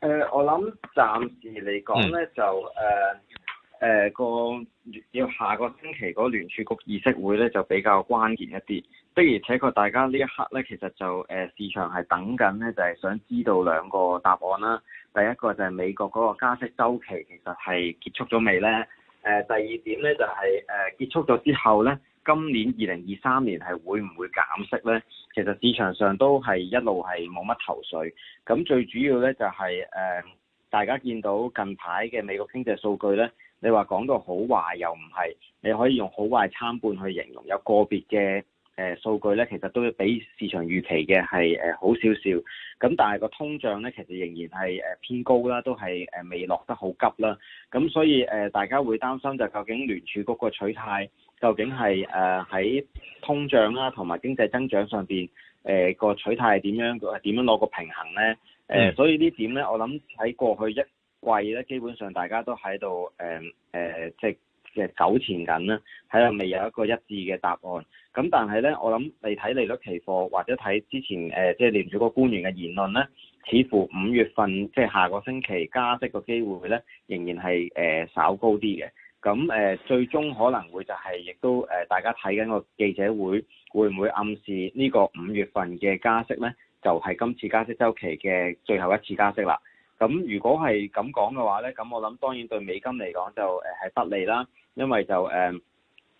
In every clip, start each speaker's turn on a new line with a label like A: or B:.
A: 誒、呃，我諗暫時嚟講咧，就誒誒、呃呃、個要下個星期嗰聯儲局議息會咧，就比較關鍵一啲。的而且確大家呢一刻咧，其實就誒、呃、市場係等緊咧，就係、是、想知道兩個答案啦。第一個就係美國嗰個加息週期其實係結束咗未咧？誒、呃，第二點咧就係、是、誒、呃、結束咗之後咧。今年二零二三年係會唔會減息呢？其實市場上都係一路係冇乜頭緒。咁最主要呢、就是，就係誒，大家見到近排嘅美國經濟數據呢，你話講到好壞又唔係，你可以用好壞參半去形容。有個別嘅誒、呃、數據呢，其實都比市場預期嘅係誒好少少。咁但係個通脹呢，其實仍然係誒偏高啦，都係誒未落得好急啦。咁所以誒、呃，大家會擔心就究竟聯儲局個取態？究竟係誒喺通脹啦、啊，同埋經濟增長上邊誒、呃、個取態係點樣？誒點樣攞個平衡咧？誒、呃，所以點呢點咧，我諗喺過去一季咧，基本上大家都喺度誒誒，即係嘅糾纏緊啦，喺度、啊、未有一個一致嘅答案。咁、嗯、但係咧，我諗你睇利率期貨或者睇之前誒、呃、即係聯儲局官員嘅言論咧，似乎五月份即係下個星期加息嘅機會咧，仍然係誒、呃、稍高啲嘅。咁誒、呃，最終可能會就係、是、亦都誒、呃，大家睇緊個記者會，會唔會暗示呢個五月份嘅加息咧？就係、是、今次加息週期嘅最後一次加息啦。咁如果係咁講嘅話咧，咁我諗當然對美金嚟講就誒係不利啦，因為就誒、呃、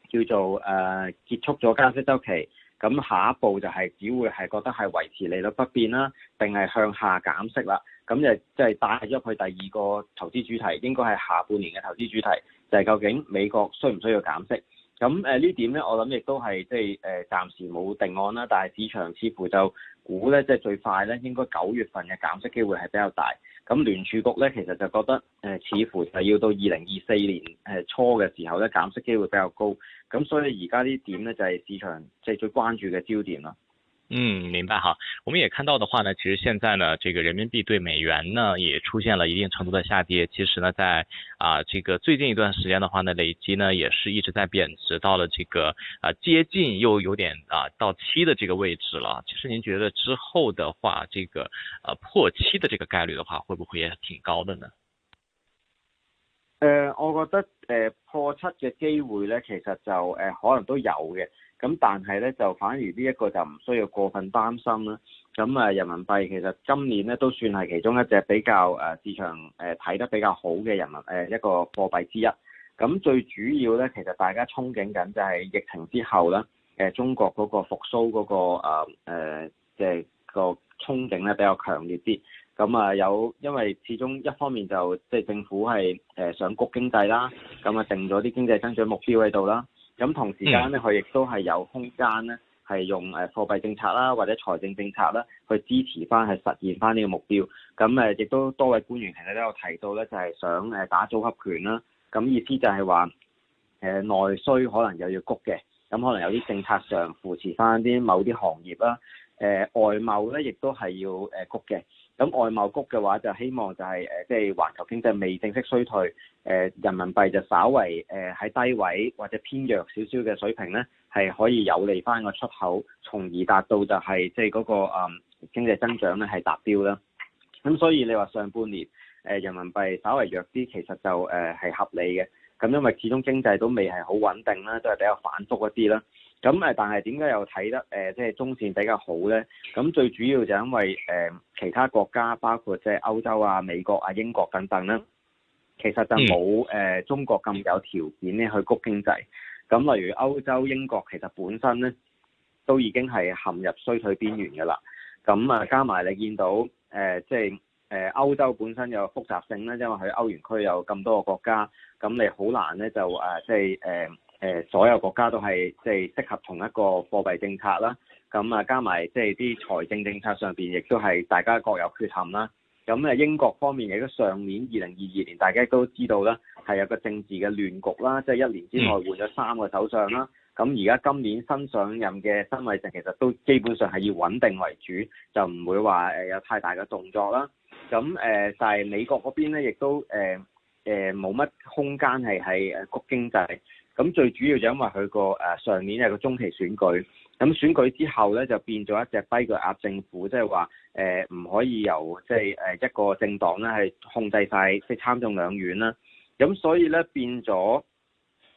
A: 叫做誒、呃、結束咗加息週期，咁下一步就係只會係覺得係維持利率不變啦，定係向下減息啦。咁就即係帶咗佢第二個投資主題，應該係下半年嘅投資主題。就係究竟美國需唔需要減息？咁誒、呃、呢點咧，我諗亦都係即係誒暫時冇定案啦。但係市場似乎就估咧，即、就、係、係、最快咧應該九月份嘅減息機會係比較大。咁聯儲局咧其實就覺得誒、呃，似乎係要到二零二四年誒初嘅時候咧減息機會比較高。咁所以而家呢點咧就係、係、市場即係、就係、最關注嘅焦點啦。
B: 嗯，明白哈。我們也看到的話呢，其實現在呢，這個人民幣對美元呢，也出現了一定程度的下跌。其實呢，在啊、呃，這個最近一段時間的話呢，累積呢也是一直在貶值，到了這個啊、呃、接近又有點啊到七的這個位置了。其實您覺得之後的話，這個呃破七的這個概率的話，會不會也挺高的呢？呃，
A: 我覺得呃破七的機會呢，其實就呃可能都有的。咁但係咧，就反而呢一個就唔需要過分擔心啦。咁啊，人民幣其實今年咧都算係其中一隻比較誒、呃、市場誒睇、呃、得比較好嘅人民誒、呃、一個貨幣之一。咁最主要咧，其實大家憧憬緊就係疫情之後啦，誒、呃、中國嗰個復甦嗰、那個啊誒嘅憧憬咧比較強烈啲。咁啊，有、呃、因為始終一方面就即係、就是、政府係誒、呃、想谷經濟啦，咁啊定咗啲經濟增長目標喺度啦。咁同時間咧，佢亦都係有空間咧，係用誒貨幣政策啦，或者財政政策啦，去支持翻，去實現翻呢個目標。咁誒，亦都多位官員其實都有提到咧，就係、是、想誒打組合拳啦。咁意思就係話誒內需可能又要谷嘅，咁可能有啲政策上扶持翻啲某啲行業啦。誒、呃、外貿咧，亦都係要誒、呃、谷嘅。咁外貿局嘅話就希望就係誒，即係環球經濟未正式衰退，誒人民幣就稍為誒喺低位或者偏弱少少嘅水平咧，係可以有利翻個出口，從而達到就係即係嗰個誒經濟增長咧係達標啦。咁所以你話上半年誒人民幣稍為弱啲，其實就誒係合理嘅。咁因為始終經濟都未係好穩定啦，都係比較反覆一啲啦。咁誒，但係點解又睇得誒，即係中線比較好咧？咁最主要就因為誒，其他國家包括即係歐洲啊、美國啊、英國等等啦，其實就冇誒中國咁有條件咧去谷經濟。咁例如歐洲、英國其實本身咧都已經係陷入衰退邊緣㗎喇。咁啊，加埋你見到誒，即係誒歐洲本身有複雜性啦，因為佢歐元區有咁多個國家，咁你好難咧就誒、呃，即係誒。呃誒，所有國家都係即係適合同一個貨幣政策啦。咁啊，加埋即係啲財政政策上邊，亦都係大家各有缺陷啦。咁啊，英國方面亦都上年二零二二年，大家都知道啦，係有個政治嘅亂局啦，即係一年之內換咗三個首相啦。咁而家今年新上任嘅辛偉誠，其實都基本上係以穩定為主，就唔會話誒有太大嘅動作啦。咁誒但係美國嗰邊咧，亦都誒誒冇乜空間係喺誒谷經濟。咁最主要就因為佢個誒上年係個中期選舉，咁選舉之後咧就變咗一隻跛腳鴨政府，即係話誒唔可以由即係誒一個政黨咧係控制晒，即係參眾兩院啦，咁所以咧變咗誒。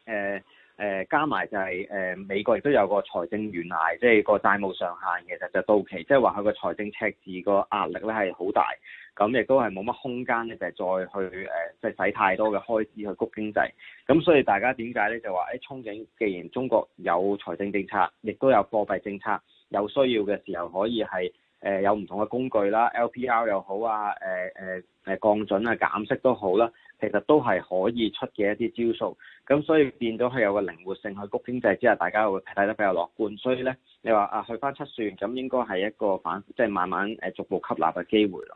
A: 呃誒、呃、加埋就係、是、誒、呃、美國亦都有個財政懸崖，即係個債務上限其實就，就到期，即係話佢個財政赤字個壓力咧係好大，咁亦都係冇乜空間咧，就係、是、再去誒即係使太多嘅開支去谷經濟，咁所以大家點解咧就話誒、欸，憧憬既然中國有財政政策，亦都有貨幣政策，有需要嘅時候可以係。誒、呃、有唔同嘅工具啦，LPR 又好啊，誒誒誒降準啊、減息都好啦，其實都係可以出嘅一啲招數，咁所以變到係有個靈活性去谷經濟之下，大家會睇得比較樂觀，所以咧你話啊去翻七算，咁應該係一個反即係、就是、慢慢誒、呃、逐步吸納嘅機
B: 會咯。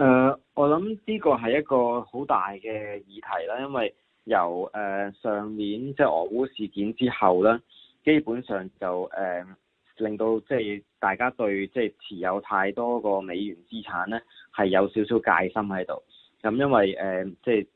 B: 誒
A: ，uh, 我諗呢個係一個好大嘅議題啦，因為由誒、uh, 上年即係、就是、俄烏事件之後咧，基本上就誒、uh, 令到即係大家對即係持有太多個美元資產咧，係有少少戒心喺度。咁、嗯、因為誒即係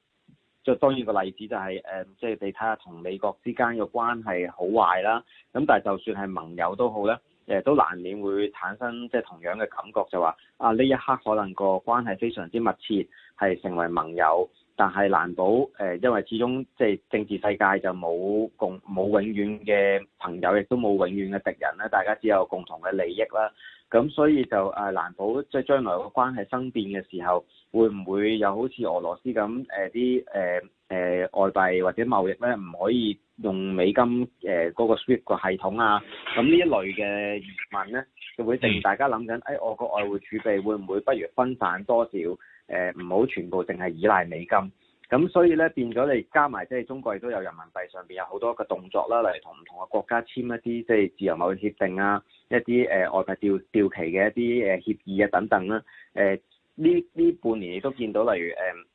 A: 即係當然個例子就係誒即係你睇下同美國之間嘅關係好壞啦。咁但係就算係盟友都好咧。誒都難免會產生即係同樣嘅感覺，就話啊呢一刻可能個關係非常之密切，係成為盟友，但係難保誒、呃，因為始終即係政治世界就冇共冇永遠嘅朋友，亦都冇永遠嘅敵人啦，大家只有共同嘅利益啦。咁所以就誒、啊、難保，即係將來個關係生變嘅時候，會唔會有好似俄羅斯咁誒啲誒誒外幣或者貿易咧，唔可以用美金誒嗰、呃那個 SWIFT 個系統啊？咁呢一類嘅疑問咧，就會令大家諗緊誒我個外匯儲備會唔會不如分散多少誒唔好全部淨係依賴美金？咁所以咧變咗，你加埋即係中國亦都有人民幣上邊有好多嘅動作啦，例如同唔同嘅國家簽一啲即係自由貿易協定啊，一啲誒、呃、外幣調調期嘅一啲誒協議啊等等啦、啊。誒呢呢半年你都見到例、呃，例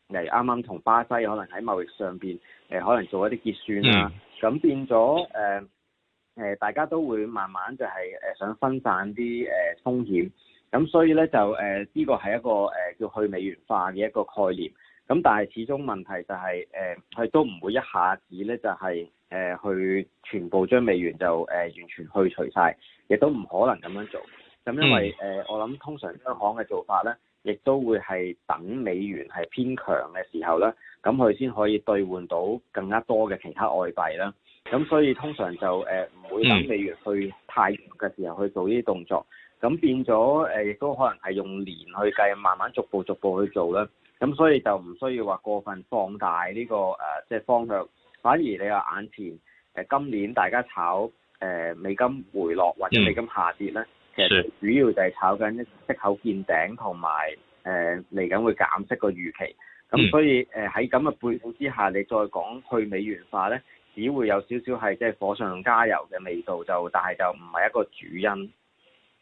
A: 如誒例如啱啱同巴西可能喺貿易上邊誒、呃、可能做一啲結算啦、啊。咁 Yeah. 變咗誒誒大家都會慢慢就係誒想分散啲誒風險。咁所以咧就誒呢個係一個誒叫去美元化嘅一個概念。咁但係始終問題就係、是，誒、呃、佢都唔會一下子咧，就係誒去全部將美元就誒、呃、完全去除晒，亦都唔可能咁樣做。咁因為誒、呃、我諗通常香港嘅做法咧，亦都會係等美元係偏強嘅時候咧，咁佢先可以兌換到更加多嘅其他外幣啦。咁所以通常就誒唔、呃、會等美元去太強嘅時候去做呢啲動作。咁變咗誒，亦、呃、都可能係用年去計，慢慢逐步逐步去做啦。咁所以就唔需要話過分放大呢、呢個誒、呃，即係方向。反而你話眼前誒、呃、今年大家炒誒、呃、美金回落或者美金下跌咧，其實主要就係炒緊息口見頂同埋誒嚟緊會減息個預期。咁、嗯、所以誒喺咁嘅背景之下，你再講去美元化咧，只會有少少係即係火上加油嘅味道就，但就但係就唔係一個主因。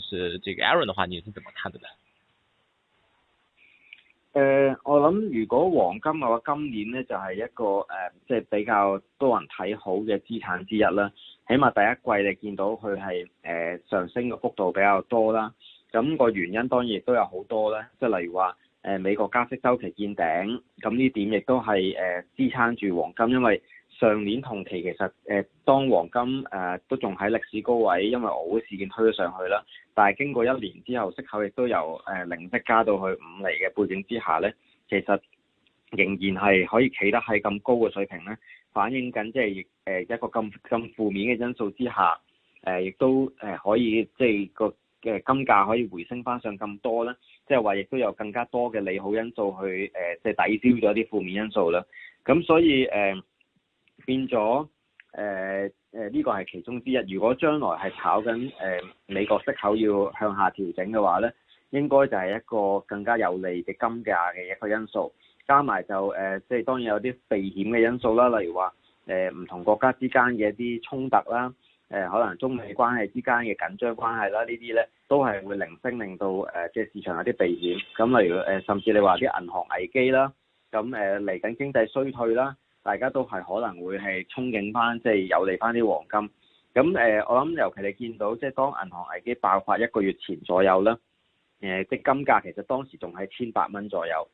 B: 就是這個 Aaron 的話，你是怎麼看的呢？誒、
A: 呃，我諗如果黃金嘅話，今年呢就係、是、一個誒，即、呃、係、就是、比較多人睇好嘅資產之一啦。起碼第一季你見到佢係誒上升嘅幅度比較多啦。咁、那個原因當然亦都有好多啦，即係例如話誒、呃、美國加息周期見頂，咁呢點亦都係誒支撐住黃金，因為。上年同期其實誒、呃、當黃金誒、呃、都仲喺歷史高位，因為俄烏事件推咗上去啦。但係經過一年之後，息口亦都由誒、呃、零息加到去五厘嘅背景之下咧，其實仍然係可以企得喺咁高嘅水平咧，反映緊即係誒一個咁咁負面嘅因素之下，誒、呃、亦都誒、呃、可以即係個嘅金價可以回升翻上咁多啦。即係話亦都有更加多嘅利好因素去誒、呃，即係抵消咗啲負面因素啦。咁所以誒、呃呃呃變咗誒誒呢個係其中之一。如果將來係炒緊誒、呃、美國息口要向下調整嘅話咧，應該就係一個更加有利嘅金價嘅一個因素。加埋就誒，即、呃、係當然有啲避險嘅因素啦，例如話誒唔同國家之間嘅一啲衝突啦，誒、呃、可能中美關係之間嘅緊張關係啦，呢啲咧都係會零星令到誒即係市場有啲避險。咁例如誒、呃，甚至你話啲銀行危機啦，咁誒嚟緊經濟衰退啦。大家都係可能會係憧憬翻，即係有利翻啲黃金。咁誒，我諗尤其你見到，即係當銀行危機爆發一個月前左右咧，誒，即金價其實當時仲喺千八蚊左右，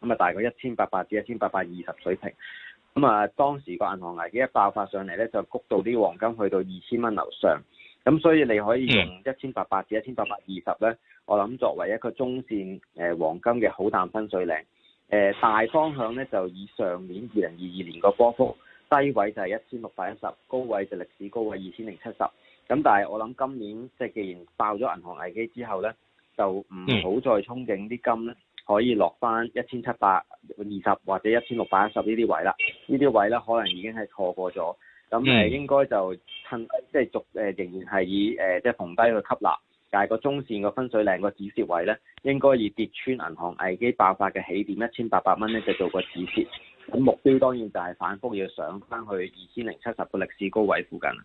A: 咁啊大概一千八百至一千八百二十水平。咁啊，當時個銀行危機一爆發上嚟咧，就谷到啲黃金去到二千蚊樓上。咁所以你可以用一千八百至一千八百二十咧，我諗作為一個中線誒黃金嘅好淡分水嶺。誒、呃、大方向咧就以上年二零二二年個波幅，低位就係一千六百一十，高位就歷史高位二千零七十。咁但係我諗今年即係既然爆咗銀行危機之後咧，就唔好再憧憬啲金咧可以落翻一千七百二十或者一千六百一十呢啲位啦。呢啲位咧可能已經係錯過咗，咁誒、呃、應該就趁即係續誒仍然係以誒、呃、即係逢低去吸納。大個中線個分水嶺個止蝕位咧，應該以跌穿銀行危機爆發嘅起點一千八百蚊咧，就做個止蝕。咁目標當然就係反覆要上翻去二千零七十個歷史高位附近啦。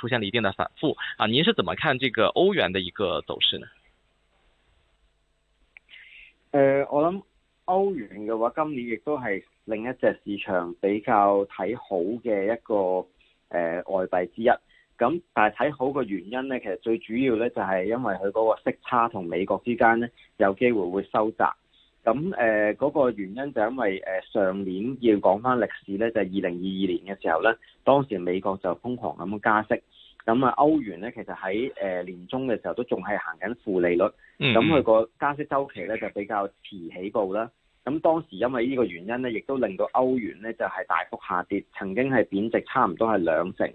B: 出現了一定的反覆啊！您是怎麼看這個歐元的一個走勢呢？誒、
A: 呃，我諗歐元嘅話，今年亦都係另一隻市場比較睇好嘅一個誒、呃、外幣之一。咁但係睇好嘅原因呢，其實最主要呢，就係因為佢嗰個息差同美國之間呢，有機會會收窄。咁誒嗰個原因就因為誒、呃、上年要講翻歷史咧，就係二零二二年嘅時候咧，當時美國就瘋狂咁加息，咁啊歐元咧其實喺誒、呃、年中嘅時候都仲係行緊負利率，咁佢個加息週期咧就比較遲起步啦。咁當時因為呢個原因咧，亦都令到歐元咧就係、是、大幅下跌，曾經係貶值差唔多係兩成。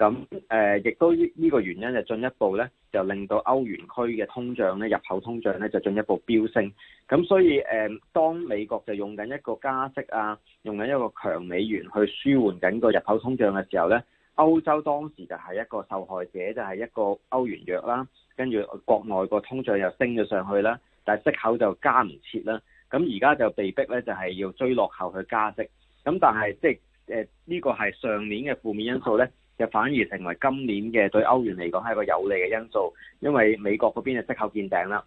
A: 咁誒，亦、呃、都呢個原因就進一步咧，就令到歐元區嘅通脹咧，入口通脹咧就進一步飆升。咁所以誒、呃，當美國就用緊一個加息啊，用緊一個強美元去舒緩緊個入口通脹嘅時候咧，歐洲當時就係一個受害者，就係、是、一個歐元弱啦，跟住國內個通脹又升咗上去啦，但係息口就加唔切啦。咁而家就被逼咧，就係、是、要追落後去加息。咁但係即係誒呢個係上年嘅負面因素咧。就反而成為今年嘅對歐元嚟講係一個有利嘅因素，因為美國嗰邊嘅息口見頂啦，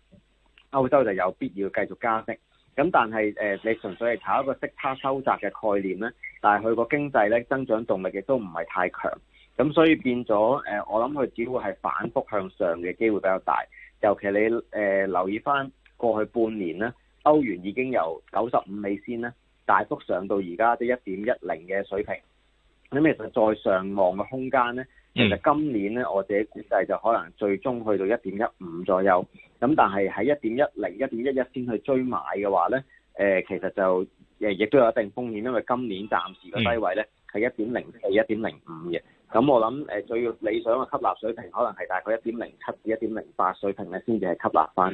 A: 歐洲就有必要繼續加息。咁但係誒、呃，你純粹係炒一個息差收窄嘅概念咧，但係佢個經濟咧增長動力亦都唔係太強。咁所以變咗誒、呃，我諗佢只會係反覆向上嘅機會比較大。尤其你誒、呃、留意翻過去半年咧，歐元已經由九十五美仙咧大幅上到而家即一點一零嘅水平。咁其實再上望嘅空間咧，其實今年咧，我自己估計就可能最終去到一點一五左右。咁但係喺一點一零、一點一一先去追買嘅話咧，誒、呃、其實就誒亦、呃、都有一定風險，因為今年暫時嘅低位咧係一點零四、一點零五嘅。咁我諗誒、呃、最要理想嘅吸納水平可能係大概一點零七至一點零八水平咧，先至係吸納翻。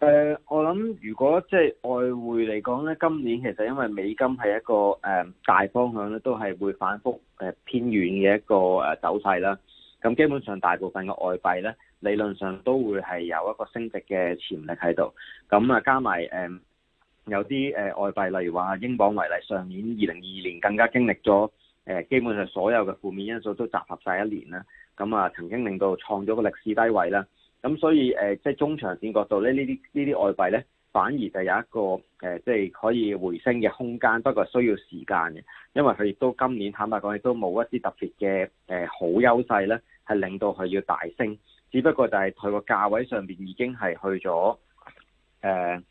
A: 誒、呃，我諗如果即係外匯嚟講咧，今年其實因為美金係一個誒、呃、大方向咧，都係會反覆誒偏軟嘅一個誒走勢啦。咁基本上大部分嘅外幣呢，理論上都會係有一個升值嘅潛力喺度。咁、呃、啊，加埋誒有啲誒外幣，例如話英鎊為例，上年二零二二年更加經歷咗誒，基本上所有嘅負面因素都集合晒一年啦。咁啊、呃，曾經令到創咗個歷史低位啦。咁、嗯、所以誒、呃，即係中長線角度咧，呢啲呢啲外幣咧，反而就有一個誒，即、呃、係、就是、可以回升嘅空間，不過需要時間嘅。因為佢亦都今年坦白講，亦都冇一啲特別嘅誒、呃、好優勢咧，係令到佢要大升。只不過就係佢個價位上邊已經係去咗誒，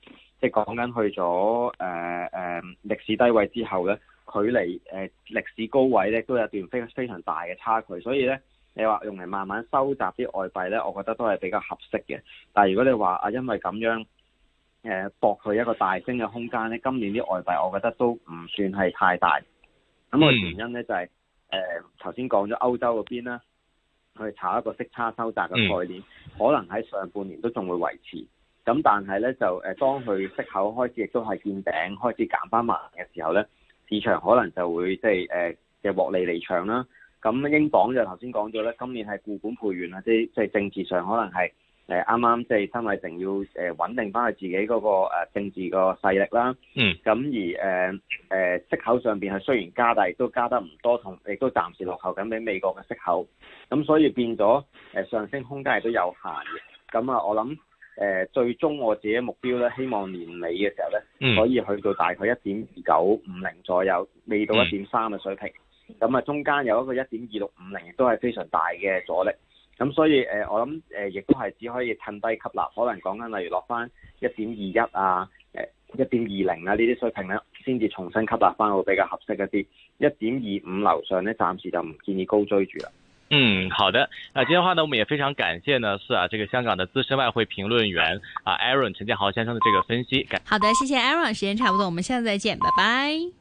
A: 即係講緊去咗誒誒歷史低位之後咧，距離誒、呃、歷史高位咧都有段非非常大嘅差距，所以咧。你話用嚟慢慢收集啲外幣呢，我覺得都係比較合適嘅。但係如果你話啊，因為咁樣誒博佢一個大升嘅空間呢，今年啲外幣我覺得都唔算係太大。
B: 咁個原因
A: 呢，嗯、就係誒頭先講咗歐洲嗰邊啦，去查一個息差收窄嘅概念，嗯、可能喺上半年都仲會維持。咁但係呢，就誒、呃、當佢息口開始亦都係見頂開始減翻慢嘅時候呢，市場可能就會即係誒嘅獲利離場啦。咁英鎊就頭先講咗咧，今年係固本培元啊，即即係政治上可能係誒啱啱即係辛偉誠要誒穩、呃、定翻佢自己嗰、那個、呃、政治個勢力啦。嗯。咁而誒誒、呃、息口上邊係雖然加，大，亦都加得唔多，同亦都暫時落後緊畀美國嘅息口。咁、呃、所以變咗誒、呃、上升空間係都有限嘅。咁、呃、啊，我諗誒、呃、最終我自己目標咧，希望年尾嘅時候咧，嗯、可以去到大概一點二九五零左右，未到一點三嘅水平。咁啊，中間有一個一點二六五零，亦都係非常大嘅阻力。咁所以誒、呃，我諗誒，亦、呃、都係只可以趁低吸納，可能講緊例如落翻一點二一啊，誒一點二零啊呢啲水平咧，先至重新吸納翻會比較合適一啲。一點二五樓上咧，暫時就唔建議高追住啦。
B: 嗯，好的。那、啊、今日話呢，我們也非常感謝呢，是啊，這個香港的資深外匯評論員啊，Aaron 陳健豪先生的這個分析。好
A: 的，謝謝 Aaron。
B: 時間差不多，我們下次再見，拜拜。